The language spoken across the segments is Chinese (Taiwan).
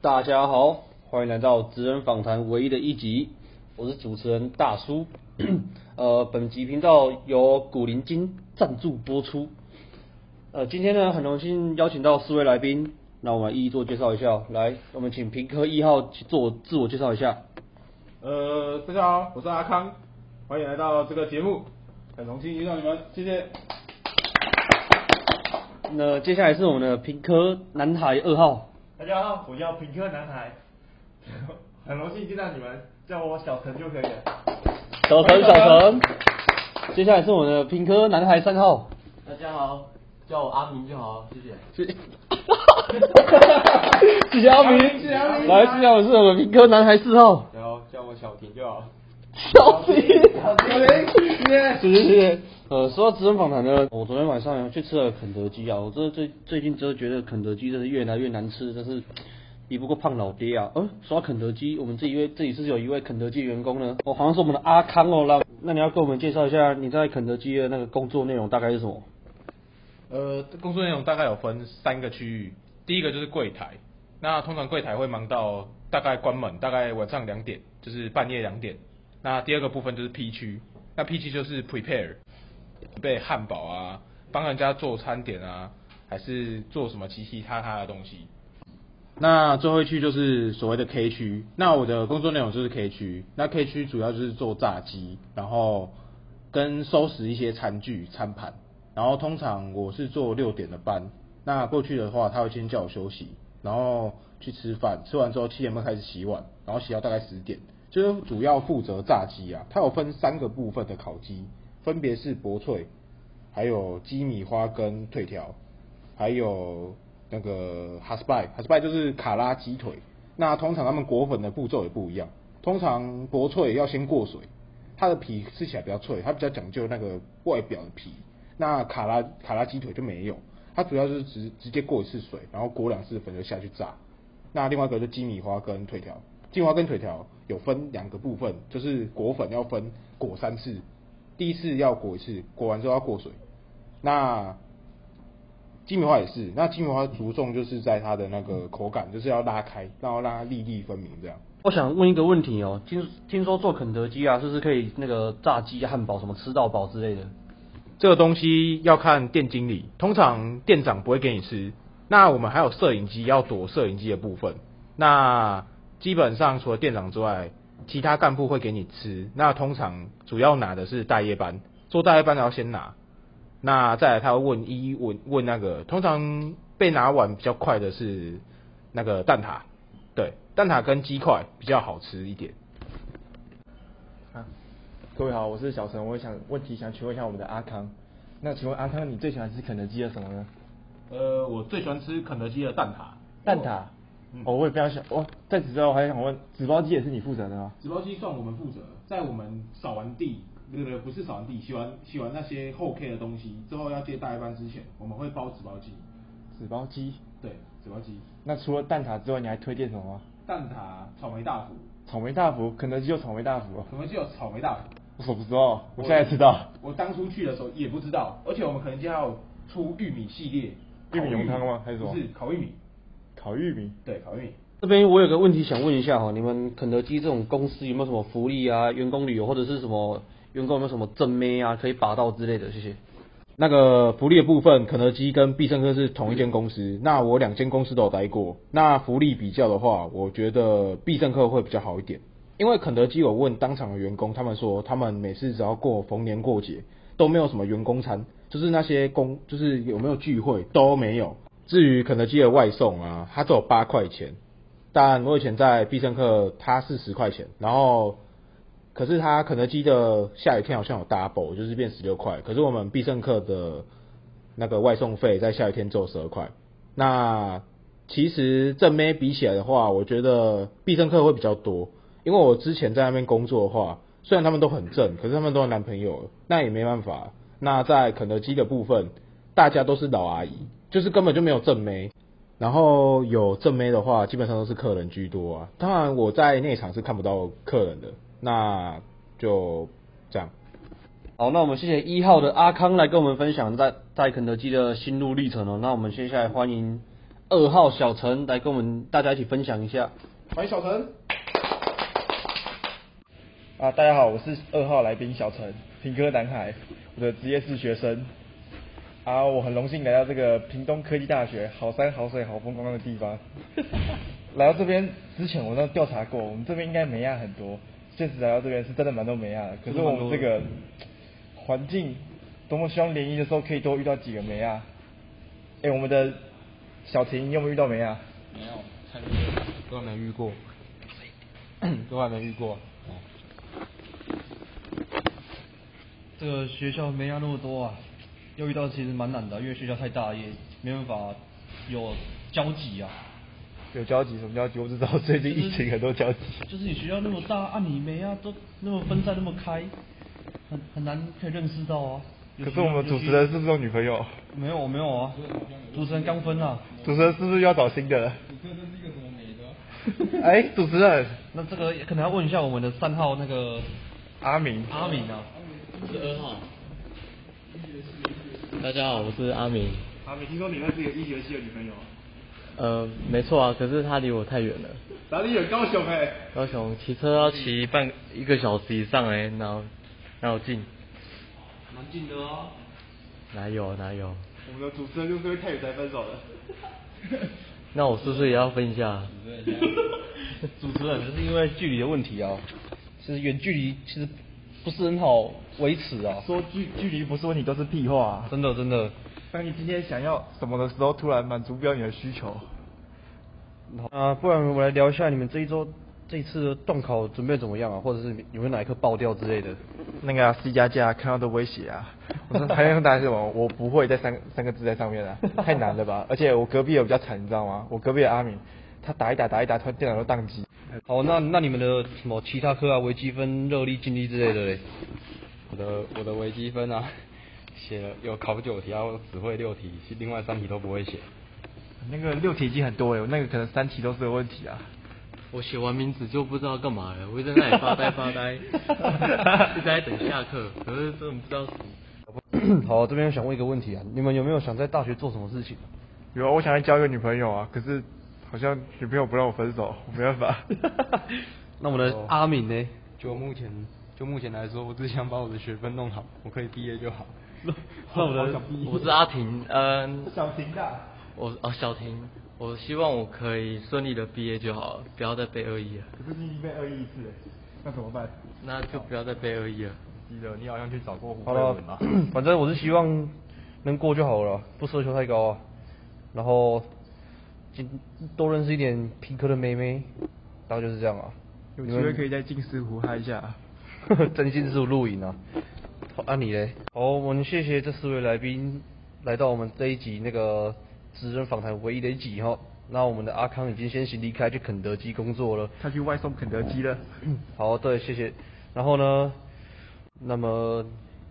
大家好，歡迎來到《職人訪談》唯一的一集，我是主持人大叔。呵呵呃，本集頻道由古靈精贊助播出。呃，今天呢，很榮幸邀請到四位來賓，那我們來一一做介紹一下。來，我們請屏科一號去做自我介紹一下。呃，大家好，我是阿康，歡迎來到這個節目，很榮幸遇到你們，謝謝。那接下來是我們的屏科男孩二號。大家好，我叫屏科男孩，呵呵，很榮幸見到你們，叫我小陳就可以了。小陳，小陳。接下來是我的屏科男孩三號。大家好，叫我阿平就好，謝謝。謝謝阿平。謝謝阿平。來，接下來我是我們屏科男孩四號。然後叫我小婷就好。小婷，小婷，小婷 yeah. 謝謝，謝謝。呃，說到資深訪談呢，我昨天晚上去吃了肯德基啊。我這最最近真的覺得肯德基真的越來越難吃，但是比不過胖老爹啊。呃，說到肯德基，我們這一位這裡是有一位肯德基員工呢，哦，好像是我們的阿康哦。那那你要給我們介紹一下你在肯德基的那個工作內容大概是什麼？呃，工作內容大概有分三個區域，第一個就是櫃台，那通常櫃台會忙到大概關門，大概晚上兩點，就是半夜兩點。那第二個部分就是 P 區，那 P 區就是 prepare。準備漢堡啊，幫人家做餐點啊，還是做什麼其他他的東西？那最後一區就是所謂的 K 區，那我的工作內容就是 K 區。那 K 區主要就是做炸雞，然後跟收拾一些餐具、餐盤。然後通常我是做六點的班。那過去的話，他會先叫我休息，然後去吃飯。吃完之後七點半開始洗碗，然後洗到大概十點，就是主要負責炸雞啊。它有分三個部分的烤雞。分別是薄脆，還有雞米花跟腿條，還有那個哈斯拜，哈斯拜就是卡拉雞腿。那通常他們裹粉的步驟也不一樣。通常薄脆要先過水，它的皮吃起來比較脆，它比較講究那個外表的皮。那卡拉卡拉雞腿就沒有，它主要就是直直接過一次水，然後裹兩次粉就下去炸。那另外一個就雞米花跟腿條，雞米花跟腿條有分兩個部分，就是裹粉要分裹三次。第一次要裹一次，裹完之後要過水。那雞米花也是，那雞米花着重就是在它的那個口感，就是要拉開，然後讓它粒粒分明這樣。我想問一個問題哦、喔，聽聽說做肯德基啊，是、就、不是可以那個炸雞、漢堡什麼吃到飽之類的？這個東西要看店經理，通常店長不會給你吃。那我們還有攝影機要躲攝影機的部分。那基本上除了店長之外。其他幹部會給你吃，那通常主要拿的是大夜班，做大夜班的要先拿。那再來他會問一問問那個，通常被拿完比較快的是那個蛋撻，對，蛋撻跟雞塊比較好吃一點。啊，各位好，我是小陳，我想問題想請問一下我們的阿康，那請問阿康你最喜歡吃肯德基的什麼呢？呃，我最喜歡吃肯德基的蛋撻。蛋撻。嗯、哦，我也不想。我在此之後，我還想問，紙包雞也是你負責的嗎？紙包雞算我們負責，在我們掃完地，那個不是掃完地，洗完洗完那些後 K 的東西之後，要接大夜班之前，我們會包紙包雞。紙包雞？對，紙包雞。那除了蛋撻之外，你還推薦什麼嗎？蛋撻、草莓大福。草莓大福？肯德基有草莓大福、喔、可肯德基有草莓大福？我不知道，我現在知道我。我當初去的時候也不知道，而且我們可能現在還有出玉米系列。玉米濃湯嗎？還是什麼？不、就是，烤玉米。烤玉米，對，烤玉米。這邊我有個問題想問一下哈，你們肯德基這種公司有沒有什麼福利啊？員工旅遊或者是什麼員工有沒有什麼正妹啊可以拔到之類的？謝謝。那個福利的部分，肯德基跟必勝客是同一間公司，那我兩間公司都有待過。那福利比較的話，我覺得必勝客會比較好一點，因為肯德基我問當場的員工，他們說他們每次只要過逢年過節都沒有什麼員工餐，就是那些公就是有沒有聚會都沒有。至於肯德基的外送啊，它只有八塊錢。但我以前在必勝客，它是十塊錢。然後，可是它肯德基的下雨天好像有 double，就是變十六塊。可是我們必勝客的那個外送費在下雨天只有十二塊。那其實這 may 比起來的話，我覺得必勝客會比較多。因為我之前在那邊工作的話，雖然他們都很正，可是他們都有男朋友，那也沒辦法。那在肯德基的部分，大家都是老阿姨。就是根本就沒有正妹，然後有正妹的話，基本上都是客人居多啊。當然我在內場是看不到客人的，那就這樣。好，那我們謝謝一號的阿康來跟我們分享在在肯德基的心路歷程哦、喔。那我們接下來歡迎二號小陳來跟我們大家一起分享一下。歡迎小陳。啊，大家好，我是二號來賓小陳，屏科男孩，我的職業是學生。啊，我很榮幸來到這個屏東科技大學，好山好水好風光的地方。 來到這邊之前，我都調查過，我們這邊應該沒亞很多。現實來到這邊，是真的蠻多梅亞。可是我們這個環境，多麼希望聯誼的時候可以多遇到幾個梅亞。哎、欸，我們的小婷你有沒有遇到沒啊？沒有，都還沒遇過，都還沒遇過。 都還沒遇過哦、這個學校沒亞那麼多啊。又遇到其實蠻難的因為學校太大，也沒辦法有交集啊。有交集？什麼交集？我不知道。最近疫情很多交集。就是、就是、你學校那麼大啊，你沒啊，都那麼分散那麼開，很很難可以認識到啊。可是我們主持人是不是有女朋友？沒有，沒有啊。主持人剛分啊。主持人是不是要找新的了？主持人是一個什麼美的、啊、 哎，主持人。那這個可能要問一下我們的三號那個阿明。阿明啊，是二號。大家好，我是阿明。阿明，聽說你那是一個醫學系的女朋友。呃，沒錯啊，可是她離我太遠了。哪裡有高雄哎、欸，高雄騎車要騎半一個小時以上哎、欸，然後，然後近。蠻近的哦。哪有哪有？我們的主持人就是因為太遠才分手的。 那我是不是也要分一下？主持人， 主持人、就是因為距離的問題哦。其實遠距離其實。不是很好維持啊！說距距離不是問題都是屁話，啊，真的真的。當你今天想要什麼的時候，突然滿足不了你的需求。啊、呃，不然我們來聊一下你們這一周這一次的段考準備怎麼樣啊？或者是有沒有哪一科爆掉之類的？那個啊，C 加加看到都不會寫啊！我說還要打什麼？ 我不會在三三個字在上面啊，太難了吧？ 而且我隔壁也比較慘，你知道嗎？我隔壁的阿敏。他打一打打一打，他電腦都宕機。好，那那你們的什麼其他科啊，微積分、熱力、靜力之類的嘞？我的我的微積分啊，寫了有考九題啊，只會六題，另外三題都不會寫。那個六題已經很多了、欸，那個可能三題都是有問題啊。我寫完名字就不知道幹嘛了，我就在那裡發呆發呆，一 直發呆 在等下課，可是真的不知道。咳咳，好，我這邊想問一個問題啊，你們有沒有想在大學做什麼事情？有啊，我想來交個女朋友啊，可是。好像女朋友不讓我分手，我沒辦法。 那我的阿敏呢？就目前，就目前來說，我只想把我的學分弄好，我可以畢業就好。 那我的 我是阿婷，嗯，小婷的、啊。我哦，小婷，我希望我可以順利的畢業就好，不要再背二一。可是你已經背二一一次，那怎麼辦？那就不要再背二一了。記得，你好像去找過胡博文吧？ 反正我是希望能過就好了，不奢求太高啊。然後。多認識一點屏科的妹妹，大概就是這樣啊。有機會可以在靜思湖嗨一下，啊呵呵。真靜思湖錄影啊。好，啊，你咧。好，我們謝謝這四位來賓來到我們這一集那個職人訪談唯一的一集哈。那我們的阿康已經先行離開去肯德基工作了。他去外送肯德基了。 好，對，謝謝。然後呢，那麼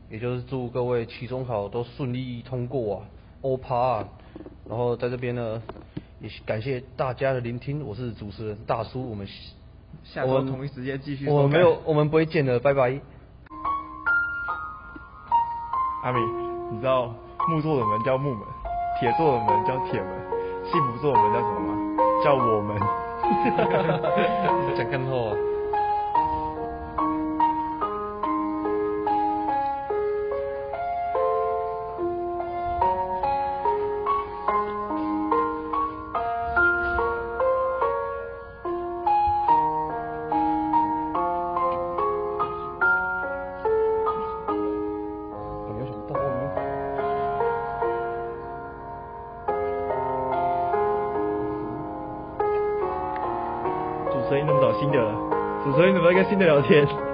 也就是祝各位期中考都順利通過啊，歐趴。然後在這邊呢。也感謝大家的聆聽，我是主持人大叔，我們下周同一時間繼續我。我沒有，我們不會見的，拜拜。 阿明，你知道木做的門叫木門，鐵做的門叫鐵門，幸福做的門叫什麼嗎？啊？叫我們。哈哈哈哈哈！你新的聊天。